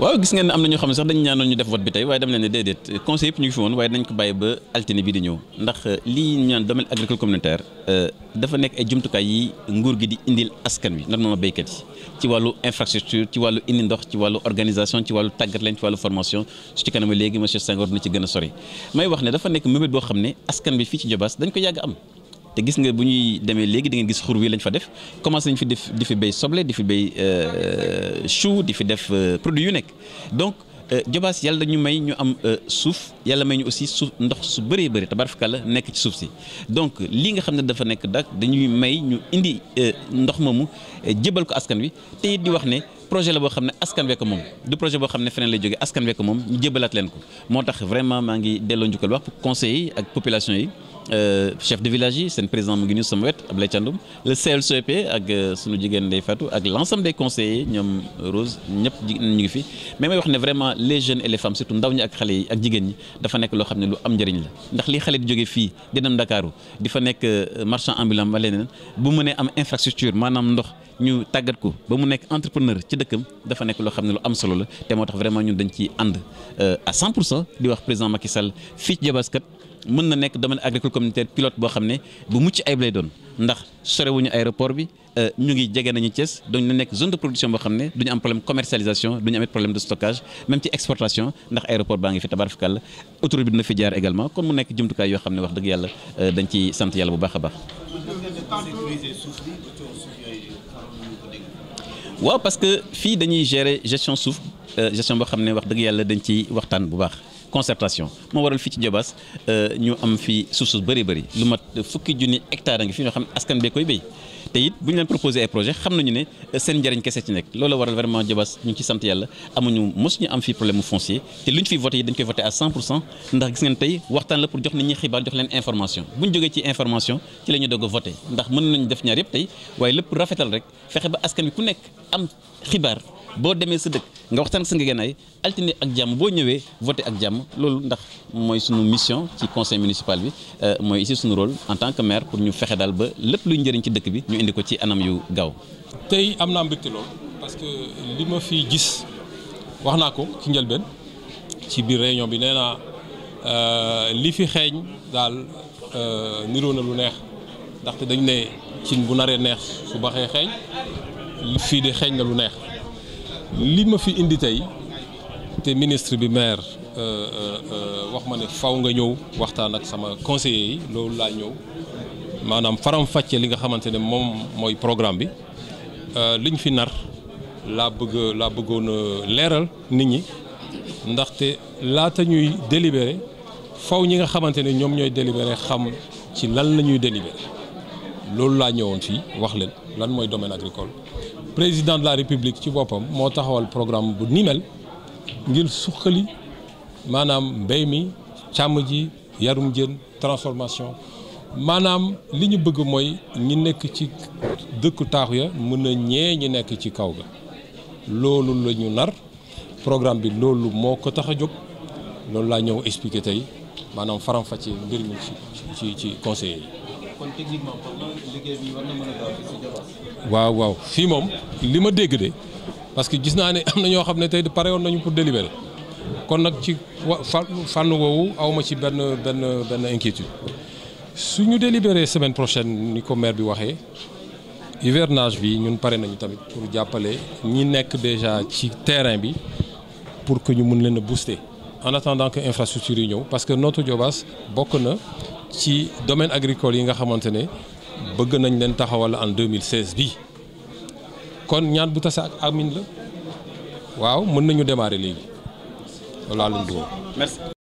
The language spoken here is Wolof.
waaw gis ngeen ne am na ñoo xam ne sax dañu ñaanoon ñu def vote bi tey waaye dem leen ne déedéet conseil yëpp ñu fi woon waaye dañ ko bàyyi ba altine bi di ñëw ndax euh, lii ñaan naan domaine agricole euh, dafa nekk ay jumtukaay yi nguur gi di indil askan wi normalement béykat yi ci wàllu infrastructure ci wàllu indi ndox ci wàllu organisation ci wàllu tàggat leen ci wàllu formation su ci kanam léegi monsieur Senghor dina ci gën a sori may wax ne dafa nekk mébét boo xam ne askan bi fii ci Diobass dañ ko yàgg am te gis nga bu ñuy demee léegi di ngeen gis xur wi lañ fa def commencé nañ fi def di fi béy soble di fi béy euh, chou di fi def euh, produit yu nekk donc jobaas euh, yàlla ñu may ñu am suuf yàlla may ñu aussi suuf ndox su bëree bëri la nekk ci suuf si donc li nga xam ne dafa nekk dak dañuy may ñu indi ndox moomu jébal ko askan wi te it di wax ne projet la boo xam ne askan wekk moom du projet boo xam ne feneen lay jóge askan wekk moom ñu jébalaat leen ko moo tax vraiment maa ngi delloo njukkal wax conseil ak population yi Euh, chef de village yi seen président mu ngi ñu sama wet Ablaye Thiandoum le CLCP ak euh, sunu jigéen Ndeye Fatou ak l' ensemble des conseillers ñoom Rose ñëpp ñu ngi fi mais may wax ne vraiment les jeunes et les femmes surtout ndaw ñi ak xale yi ak jigéen ñi dafa nekk loo xam ne lu am njëriñ la ndax li xale di jógee fii di Ndakaaru di fa nekk euh, marchand ambulant ba leneen bu mënee am infrastructure maanaam ndox. ñu tàggat ko ba mu nekk entrepreneur ci dëkkam dafa nekk loo xam ne lu am solo la te moo tax vraiment ñun dañ ci ànd euh, à 100 pour cent di wax président Macky Sall fii ci Jabaskat mën na nekk domaine agricole communautaire pilot boo xam ne bu mucc ayib lay doon ndax sorewuñu aéroport bi euh, ñu ngi jege nañu Thiès donc na nekk zone de production boo xam ne du ñu am problème commercialisation du ñu amit problème de stockage même ci exportation ndax aéroport baa ngi fi tabaarkalla autoroute bi euh, sant yàlla bu a baax. waaw parce que fii dañuy gérer gestion suuf euh, gestion boo xam ne wax dëgg yàlla dañ ci waxtaan bu baax concertation moo waral fii ci Diobass euh, ñu am fi suuf su bëri bëri lu mat fukki junni hectare a ngi fi ñoo xam ne askan bee koy béy te it bu ñu leen proposé ay projet xam nañu ne euh, seen njëriñ kese ci nekk loolu waral vraiment Diobass ñu ngi ci sant yàlla amuñu mos ñu am fi problème mu foncier te lu ñu fi voté yi dañ koy voté à 100 pour cent ndax gis ngeen tey waxtaan la pour jox nit xibaar jox leen information bu ñu jógee ci information ci la ñu doog a def ñaar yëpp tey waaye lépp rek fexe ba askan bi ku nekk am xibaar boo demee sa dëkk nga waxtaan sa nga gànnaay altine ak jàmm boo ñëwee voté ak jàmm loolu ndax mooy sunu mission ci conseil municipal bi euh, mooy ici suñu rôle en tant que maire pour ñu fexe daal ba lépp luy njëriñ ci dëkk bi ñu indi ko ci anam yu gaaw. tey am naa mbégte lool parce que li ma fi gis wax naa ko ci njëlbeen ci biir réunion bi nee naa euh, li fi xeeñ daal euh, niroo na lu neex ndaxte dañ ne cin bu naree neex su baxee xeeñ fii de xeeñ na lu neex. li ma fi indi tey te ministre bi maire euh, euh, euh, wax ma ne faw nga ñëw waxtaan ak sama conseiller yi loolu laa ñëw maanaam faram fàcce li nga xamante ne moom mooy programme bi li ñu fi nar laa bëgg laa bëggoon leeral nit ñi ndaxte laata ñuy délibéré faw ñi nga xamante ne ñoom ñooy délibéré xam ci lan la ñuy délibéré loolu laa ñëwoon fii wax leen lan mooy domaine agricole président de la république ci boppam moo taxawal programme bu ni mel ngir suqali maanaam mbéy mi càmm ji yarum jën transformation maanaam li ñu bëgg mooy ñi nekk ci dëkku taax ya mën na ñee ñi nekk ci kaw ga loolu la nar programme bi loolu moo ko tax a jóg loolu laa ñëw expliquer tey maanaam faram-fàccee mbir ci ci ci conseillers yi kon techniquement waaw waaw fii moom li ma dégg de parce que gis naa ne am na ñoo xam ne tey pare woon nañu pour délibérer kon nag ci fànn woowu awma ci benn benn benn inquiétude su ñu délibéré semaine prochaine ni ko maire bi waxee hivernage bi ñun pare nañu tamit pour jàppale ñi nekk déjà ci terrain bi pour que ñu mun leen a booster en attendant que infrastructure yi ñëw parce que notre Jobaas bokk na ci domaine agricole yi nga xamante ne bëgg nañ leen taxawal en 2016 bi kon ñaan bu tase ak amin la waaw mën nañu démarrer léegi loolu laa leen